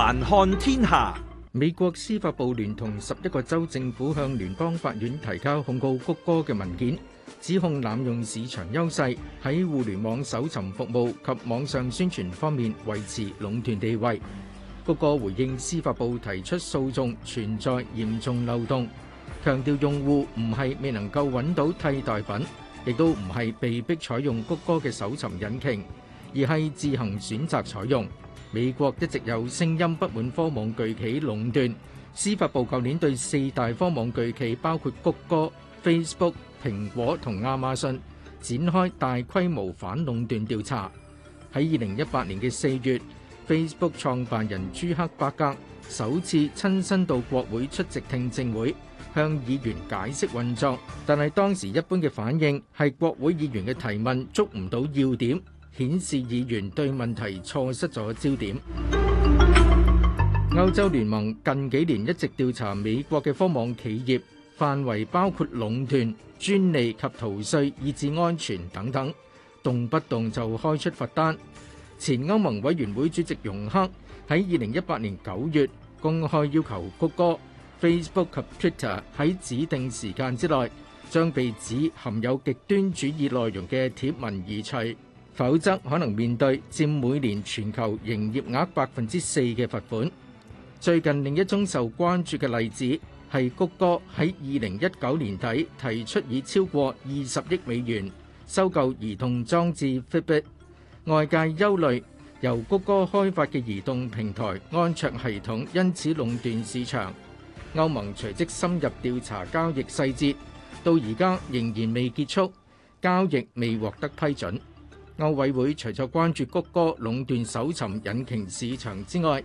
環看天下，美國司法部聯同十一個州政府向聯邦法院提交控告谷歌嘅文件，指控濫用市場優勢喺互聯網搜尋服務及網上宣傳方面，維持壟斷地位。谷歌回應司法部提出訴訟存在嚴重漏洞，強調用戶唔係未能夠揾到替代品，亦都唔係被逼採用谷歌嘅搜尋引擎，而係自行選擇採用。美國一直有聲音不滿科網巨企壟斷，司法部舊年對四大科網巨企包括谷歌、Facebook、蘋果同亞馬遜展開大規模反壟斷調查。喺二零一八年嘅四月，Facebook 創辦人朱克伯格首次親身到國會出席聽證會，向議員解釋運作。但係當時一般嘅反應係國會議員嘅提問捉唔到要點。顯示議員對問題錯失咗焦點。歐洲聯盟近幾年一直調查美國嘅科網企業，範圍包括壟斷、專利及逃稅，以至安全等等，動不動就開出罰單。前歐盟委員會主席容克喺二零一八年九月公開要求谷歌、Facebook 及 Twitter 喺指定時間之內將被指含有極端主義內容嘅貼文移除。否則可能面對佔每年全球營業額百分之四嘅罰款。最近另一宗受關注嘅例子係谷歌喺二零一九年底提出以超過二十億美元收購移動裝置 Fitbit，外界憂慮由谷歌開發嘅移動平台安卓系統因此壟斷市場。歐盟隨即深入調查交易細節，到而家仍然未結束，交易未獲得批准。歐委會除咗關注谷歌壟斷搜尋引擎市場之外，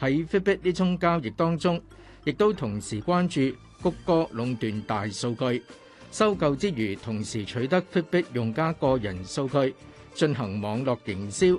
喺 Fitbit 呢宗交易當中，亦都同時關注谷歌壟斷大數據，收購之餘，同時取得 Fitbit 用家個人數據，進行網絡營銷。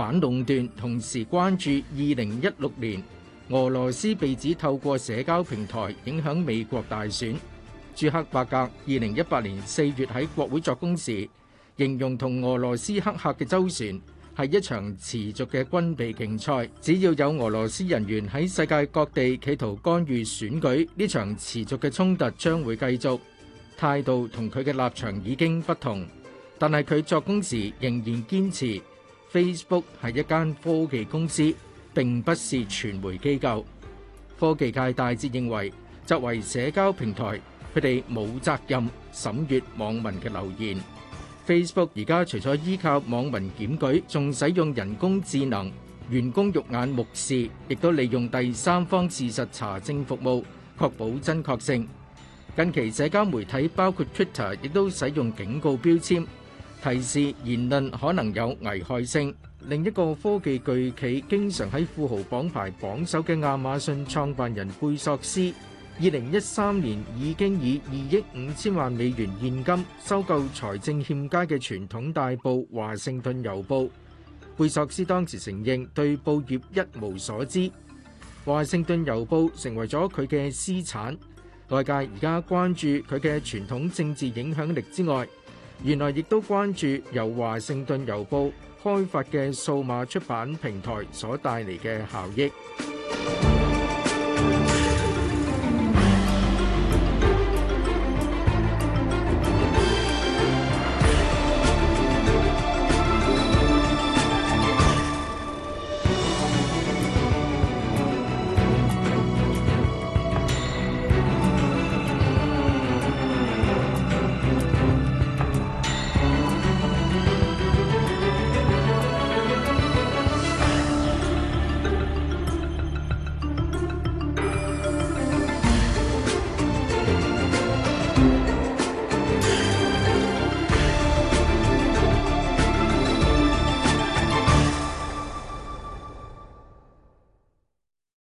反壟斷，同時關注2016年俄羅斯被指透過社交平台影響美國大選。朱克伯格2018年4月喺國會作供時，形容同俄羅斯黑客嘅周旋係一場持續嘅軍備競賽。只要有俄羅斯人員喺世界各地企圖干預選舉，呢場持續嘅衝突將會繼續。態度同佢嘅立場已經不同，但係佢作供時仍然堅持。Facebook 係一間科技公司，並不是傳媒機構。科技界大致認為，作為社交平台，佢哋冇責任審閲網民嘅留言。Facebook 而家除咗依靠網民檢舉，仲使用人工智能、員工肉眼目視，亦都利用第三方事實查證服務，確保真確性。近期社交媒體包括 Twitter 亦都使用警告標籤。提示言論可能有危害性。另一個科技巨企經常喺富豪榜排行榜首嘅亞馬遜創辦人貝索斯，二零一三年已經以二億五千萬美元現金收購財政欠佳嘅傳統大報《華盛頓郵報》。貝索斯當時承認對報業一無所知，《華盛頓郵報》成為咗佢嘅私產。外界而家關注佢嘅傳統政治影響力之外。原來亦都關注由華盛頓郵報開發嘅數碼出版平台所帶嚟嘅效益。